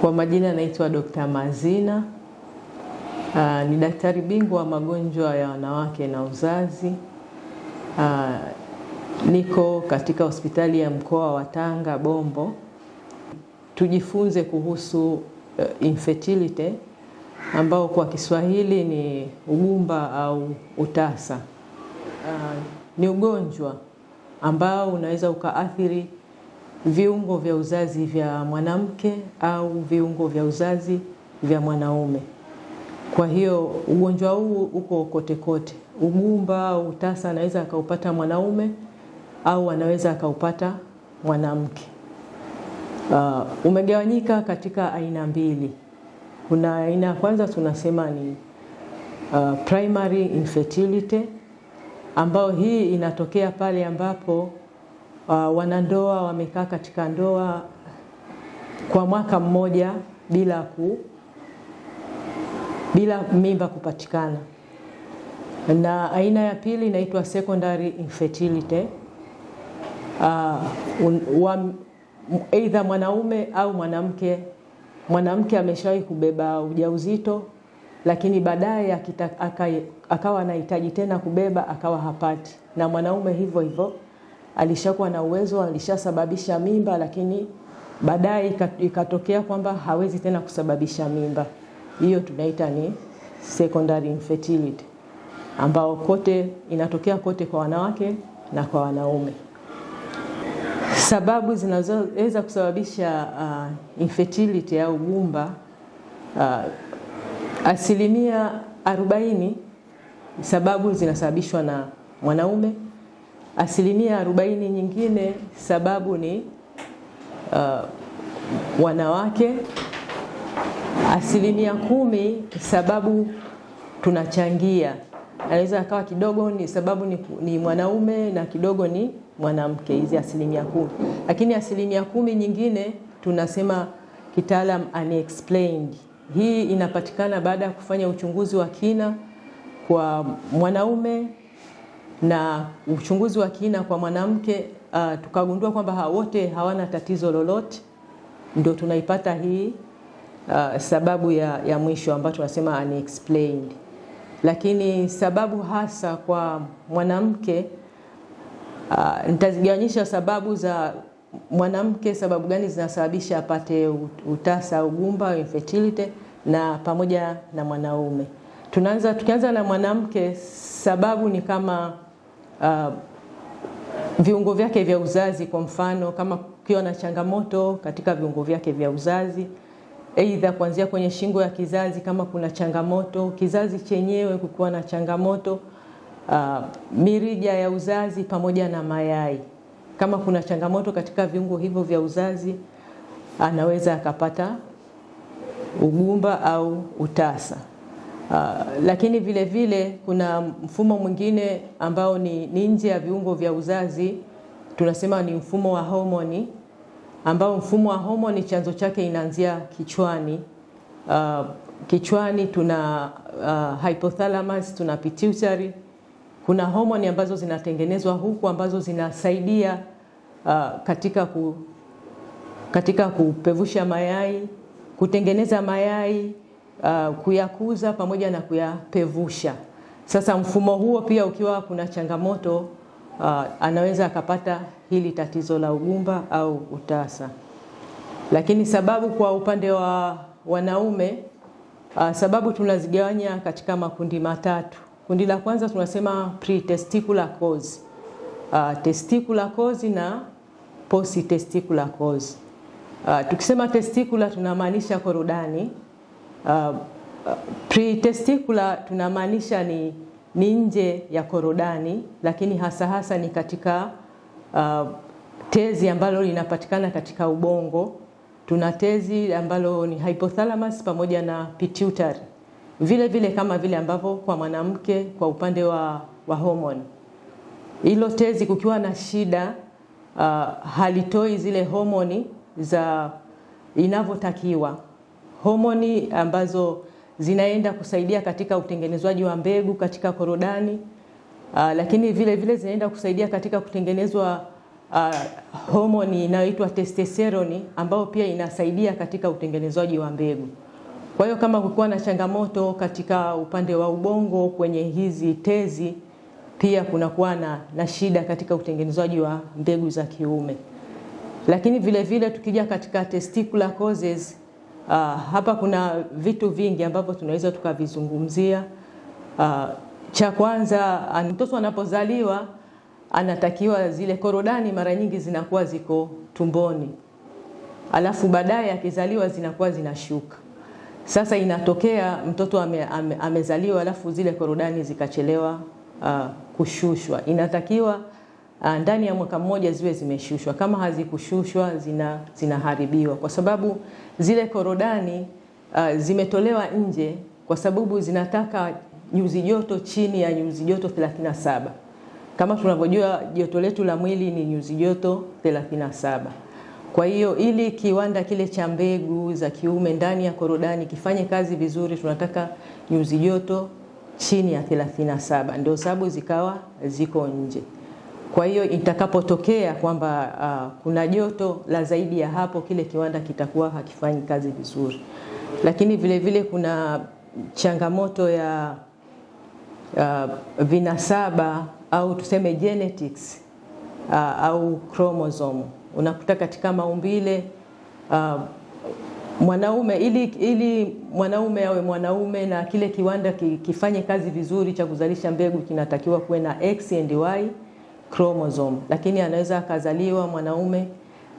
Kwa majina naitwa Dr. Mazina. Uh, ni daktari bingwa wa magonjwa ya wanawake na uzazi. Uh, niko katika hospitali ya mkoa wa Tanga Bombo. Tujifunze kuhusu uh, infertility ambao kwa Kiswahili ni ugumba au utasa. Uh, ni ugonjwa ambao unaweza ukaathiri viungo vya uzazi vya mwanamke au viungo vya uzazi vya mwanaume. Kwa hiyo ugonjwa huu uko kote kote. Ugumba au utasa anaweza akaupata mwanaume au anaweza akaupata mwanamke. Uh, umegawanyika katika aina mbili. Kuna aina ya kwanza tunasema ni uh, primary infertility ambayo hii inatokea pale ambapo uh, wanandoa wamekaa katika ndoa kwa mwaka mmoja bila ku bila mimba kupatikana. Na aina ya pili inaitwa secondary infertility. Uh, aidha mwanaume au mwanamke mwanamke ameshawahi kubeba ujauzito lakini baadaye akawa anahitaji tena kubeba akawa hapati, na mwanaume hivyo hivyo alishakuwa na uwezo, alishasababisha mimba, lakini baadaye ikatokea kwamba hawezi tena kusababisha mimba. Hiyo tunaita ni secondary infertility, ambao kote inatokea kote kwa wanawake na kwa wanaume. Sababu zinazoweza kusababisha uh, infertility au gumba uh, asilimia arobaini sababu zinasababishwa na mwanaume Asilimia arobaini nyingine sababu ni uh, wanawake. Asilimia kumi sababu tunachangia, anaweza akawa kidogo ni sababu ni, ni mwanaume na kidogo ni mwanamke, hizi asilimia kumi. Lakini asilimia kumi nyingine tunasema kitaalam unexplained. Hii inapatikana baada ya kufanya uchunguzi wa kina kwa mwanaume na uchunguzi wa kina kwa mwanamke uh, tukagundua kwamba wote hawana tatizo lolote, ndio tunaipata hii uh, sababu ya, ya mwisho ambayo tunasema unexplained. Lakini sababu hasa kwa mwanamke uh, nitazigawanyisha sababu za mwanamke, sababu gani zinasababisha apate utasa au infertility, na pamoja na mwanaume tunaanza tukianza na mwanamke, sababu ni kama uh, viungo vyake vya uzazi. Kwa mfano kama kukiwa na changamoto katika viungo vyake vya uzazi, aidha kuanzia kwenye shingo ya kizazi, kama kuna changamoto kizazi chenyewe, kukiwa na changamoto uh, mirija ya uzazi pamoja na mayai, kama kuna changamoto katika viungo hivyo vya uzazi, anaweza akapata ugumba au utasa. Uh, lakini vile vile kuna mfumo mwingine ambao ni nje ya viungo vya uzazi, tunasema ni mfumo wa homoni, ambao mfumo wa homoni chanzo chake inaanzia kichwani. Uh, kichwani tuna uh, hypothalamus, tuna pituitary. Kuna homoni ambazo zinatengenezwa huku ambazo zinasaidia uh, katika, ku, katika kupevusha mayai, kutengeneza mayai uh, kuyakuza pamoja na kuyapevusha. Sasa mfumo huo pia ukiwa kuna changamoto uh, anaweza akapata hili tatizo la ugumba au utasa. Lakini sababu kwa upande wa wanaume uh, sababu tunazigawanya katika makundi matatu. Kundi la kwanza tunasema pre-testicular cause. Uh, testicular cause na post-testicular cause. Uh, tukisema testicular tunamaanisha korodani. Uh, uh pretesticular tunamaanisha ni, ni nje ya korodani, lakini hasa hasa ni katika uh, tezi ambalo linapatikana katika ubongo. Tuna tezi ambalo ni hypothalamus pamoja na pituitary, vile vile kama vile ambavyo kwa mwanamke kwa upande wa, wa homoni hilo tezi kukiwa na shida uh, halitoi zile homoni za inavyotakiwa homoni ambazo zinaenda kusaidia katika utengenezwaji wa mbegu katika korodani. Uh, lakini vile vile zinaenda kusaidia katika kutengenezwa uh, homoni inayoitwa testosterone ambayo pia inasaidia katika utengenezwaji wa mbegu. Kwa hiyo kama kukuwa na changamoto katika upande wa ubongo kwenye hizi tezi, pia kunakuwa na, na shida katika utengenezwaji wa mbegu za kiume. Lakini vile vile tukija katika testicular causes Uh, hapa kuna vitu vingi ambavyo tunaweza tukavizungumzia. Uh, cha kwanza, mtoto anapozaliwa anatakiwa zile korodani mara nyingi zinakuwa ziko tumboni, alafu baadaye akizaliwa zinakuwa zinashuka. Sasa inatokea mtoto ame, ame, amezaliwa alafu zile korodani zikachelewa uh, kushushwa, inatakiwa Ah, ndani ya mwaka mmoja ziwe zimeshushwa. Kama hazikushushwa zina zinaharibiwa, kwa sababu zile korodani uh, zimetolewa nje kwa sababu zinataka nyuzi joto chini ya nyuzi joto 37. Kama tunavyojua joto letu la mwili ni nyuzi joto 37. Kwa hiyo ili kiwanda kile cha mbegu za kiume ndani ya korodani kifanye kazi vizuri, tunataka nyuzi joto chini ya 37, ndio sababu zikawa ziko nje. Kwa hiyo itakapotokea kwamba uh, kuna joto la zaidi ya hapo, kile kiwanda kitakuwa hakifanyi kazi vizuri. Lakini vile vile kuna changamoto ya uh, vinasaba au tuseme genetics uh, au chromosome. Unakuta katika maumbile uh, mwanaume ili, ili mwanaume awe mwanaume na kile kiwanda kifanye kazi vizuri cha kuzalisha mbegu, kinatakiwa kuwe na X and Y chromosome, lakini anaweza akazaliwa mwanaume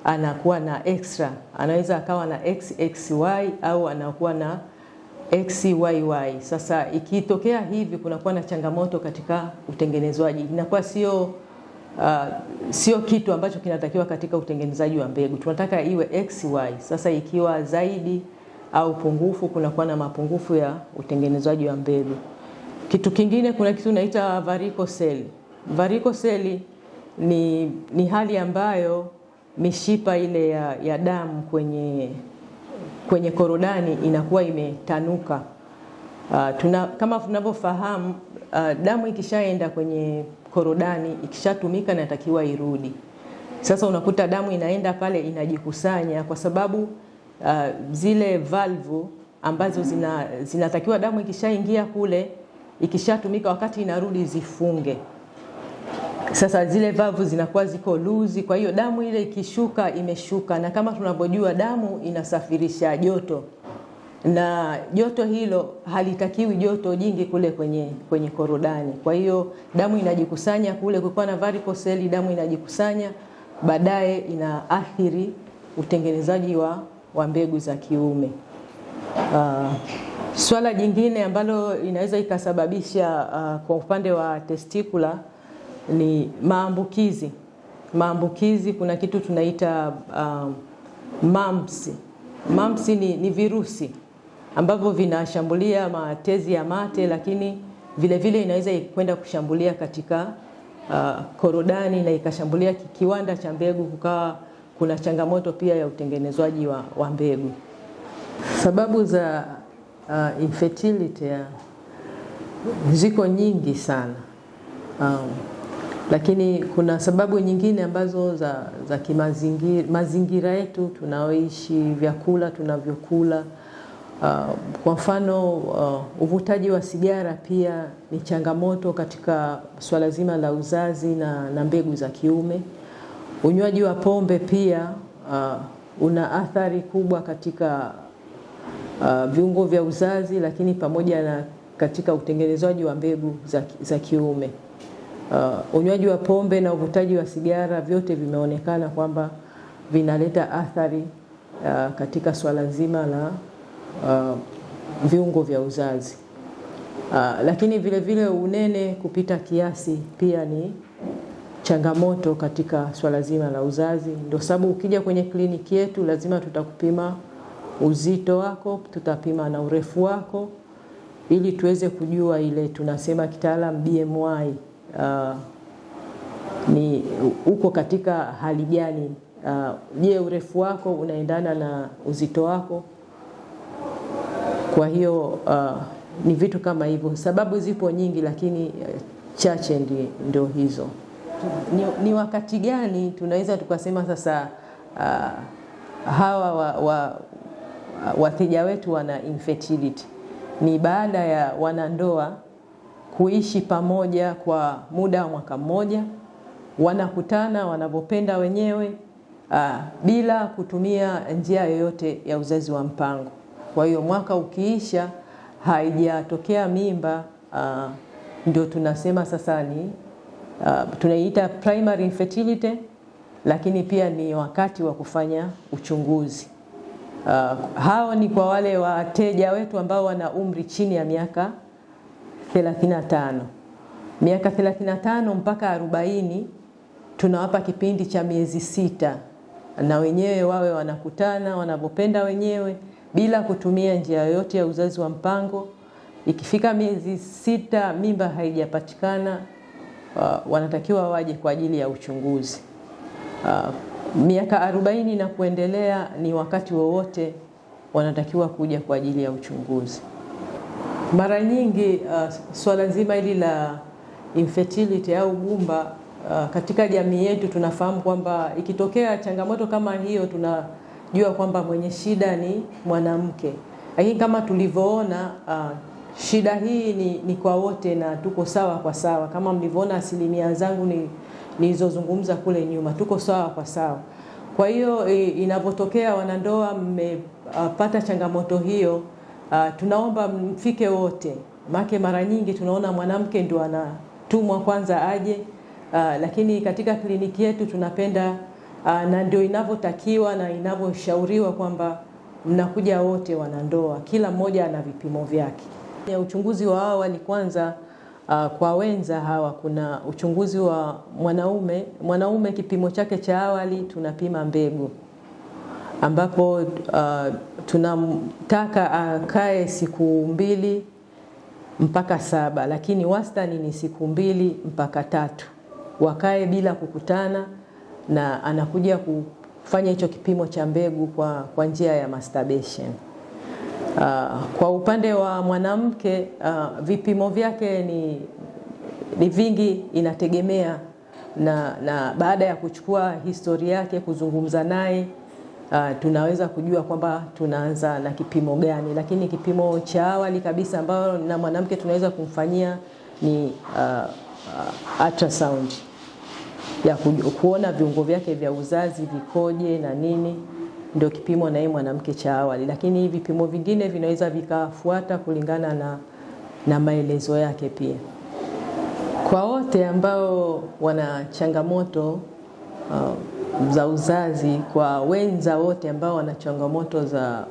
anakuwa na extra, anaweza akawa na XXY au anakuwa na XYY. Sasa ikitokea hivi, kunakuwa na changamoto katika utengenezwaji, inakuwa sio uh, sio kitu ambacho kinatakiwa katika utengenezaji wa mbegu. Tunataka iwe XY. Sasa ikiwa zaidi au pungufu, kunakuwa na mapungufu ya utengenezwaji wa mbegu. Kitu kingine, kuna kitu naita varicocele varikoseli ni, ni hali ambayo mishipa ile ya, ya damu kwenye, kwenye korodani inakuwa imetanuka. Uh, tuna, kama tunavyofahamu uh, damu ikishaenda kwenye korodani ikishatumika inatakiwa irudi. Sasa unakuta damu inaenda pale inajikusanya kwa sababu uh, zile valvu ambazo zina, zinatakiwa damu ikishaingia kule ikishatumika wakati inarudi zifunge. Sasa zile vavu zinakuwa ziko luzi, kwa hiyo damu ile ikishuka imeshuka, na kama tunavyojua damu inasafirisha joto na joto hilo halitakiwi joto jingi kule kwenye, kwenye korodani. Kwa hiyo damu inajikusanya kule, kukiwa na varicocele damu inajikusanya, baadaye inaathiri utengenezaji wa, wa mbegu za kiume. Uh, swala jingine ambalo inaweza ikasababisha uh, kwa upande wa testikula ni maambukizi. Maambukizi, kuna kitu tunaita um, mumps. Mumps ni, ni virusi ambavyo vinashambulia matezi ya mate, lakini vilevile vile inaweza kwenda kushambulia katika uh, korodani na ikashambulia kiwanda cha mbegu, kukawa kuna changamoto pia ya utengenezwaji wa, wa mbegu. Sababu za uh, infertility uh, ziko nyingi sana um, lakini kuna sababu nyingine ambazo za, za kimazingira mazingira yetu tunaoishi, vyakula tunavyokula. Uh, kwa mfano uh, uvutaji wa sigara pia ni changamoto katika swala zima la uzazi na, na mbegu za kiume. Unywaji wa pombe pia uh, una athari kubwa katika uh, viungo vya uzazi, lakini pamoja na katika utengenezaji wa mbegu za, za kiume. Uh, unywaji wa pombe na uvutaji wa sigara vyote vimeonekana kwamba vinaleta athari uh, katika swala zima la uh, viungo vya uzazi. Uh, lakini vile vile unene kupita kiasi pia ni changamoto katika swala zima la uzazi. Ndio sababu ukija kwenye kliniki yetu lazima tutakupima uzito wako, tutapima na urefu wako ili tuweze kujua ile tunasema kitaalam BMI Uh, ni uko katika hali gani? Uh, je, uh, urefu wako unaendana na uzito wako? Kwa hiyo uh, ni vitu kama hivyo. Sababu zipo nyingi, lakini uh, chache ndio hizo. Ni, ni wakati gani tunaweza tukasema sasa uh, hawa wa, wa, wateja wetu wana infertility? Ni baada ya wanandoa kuishi pamoja kwa muda wa mwaka mmoja, wanakutana wanavyopenda wenyewe aa, uh, bila kutumia njia yoyote ya uzazi wa mpango. Kwa hiyo mwaka ukiisha haijatokea mimba aa, uh, ndio tunasema sasa ni uh, tunaiita primary infertility, lakini pia ni wakati wa kufanya uchunguzi. Uh, hao ni kwa wale wateja wetu ambao wana umri chini ya miaka 35. Miaka 35 mpaka 40 tunawapa kipindi cha miezi sita, na wenyewe wawe wanakutana wanavyopenda wenyewe bila kutumia njia yoyote ya uzazi wa mpango. Ikifika miezi sita mimba haijapatikana, uh, wanatakiwa waje kwa ajili ya uchunguzi. Uh, miaka 40 na kuendelea, ni wakati wowote wanatakiwa kuja kwa ajili ya uchunguzi. Mara nyingi uh, swala zima hili la infertility au gumba uh, katika jamii yetu tunafahamu kwamba ikitokea changamoto kama hiyo, tunajua kwamba mwenye shida ni mwanamke, lakini kama tulivyoona uh, shida hii ni, ni kwa wote na tuko sawa kwa sawa, kama mlivyoona asilimia zangu nilizozungumza kule nyuma, tuko sawa kwa sawa. Kwa hiyo inavyotokea wanandoa mmepata uh, changamoto hiyo uh, tunaomba mfike wote, make mara nyingi tunaona mwanamke ndio anatumwa kwanza aje, uh, lakini katika kliniki yetu tunapenda uh, na ndio inavyotakiwa na inavyoshauriwa kwamba mnakuja wote wanandoa, kila mmoja ana vipimo vyake. uchunguzi wa awali kwanza, uh, kwa wenza hawa kuna uchunguzi wa mwanaume. Mwanaume kipimo chake cha awali tunapima mbegu ambapo uh, tunamtaka akae siku mbili mpaka saba, lakini wastani ni siku mbili mpaka tatu, wakae bila kukutana, na anakuja kufanya hicho kipimo cha mbegu kwa, kwa njia ya masturbation. Uh, kwa upande wa mwanamke uh, vipimo vyake ni, ni vingi, inategemea na, na baada ya kuchukua historia yake, kuzungumza naye uh, tunaweza kujua kwamba tunaanza na kipimo gani, lakini kipimo cha awali kabisa ambayo na mwanamke tunaweza kumfanyia ni uh, uh, ultrasound ya kuona viungo vyake vya uzazi vikoje na nini, ndio kipimo na yeye mwanamke cha awali, lakini vipimo vingine vinaweza vikafuata kulingana na, na maelezo yake pia. Kwa wote ambao wana changamoto uh, za uzazi kwa wenza wote ambao wana changamoto za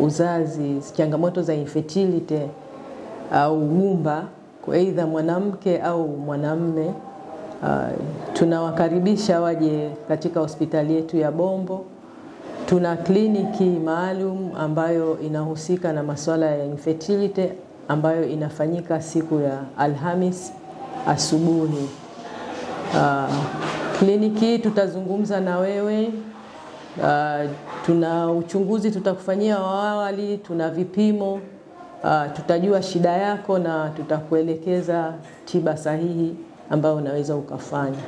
uh, uzazi, changamoto za infertility au uh, ugumba kwa aidha mwanamke au mwanamme uh, tunawakaribisha waje katika hospitali yetu ya Bombo. Tuna kliniki maalum ambayo inahusika na masuala ya infertility ambayo inafanyika siku ya Alhamis asubuhi uh, Kliniki tutazungumza na wewe uh, tuna uchunguzi tutakufanyia wa awali, tuna vipimo uh, tutajua shida yako na tutakuelekeza tiba sahihi ambayo unaweza ukafanya.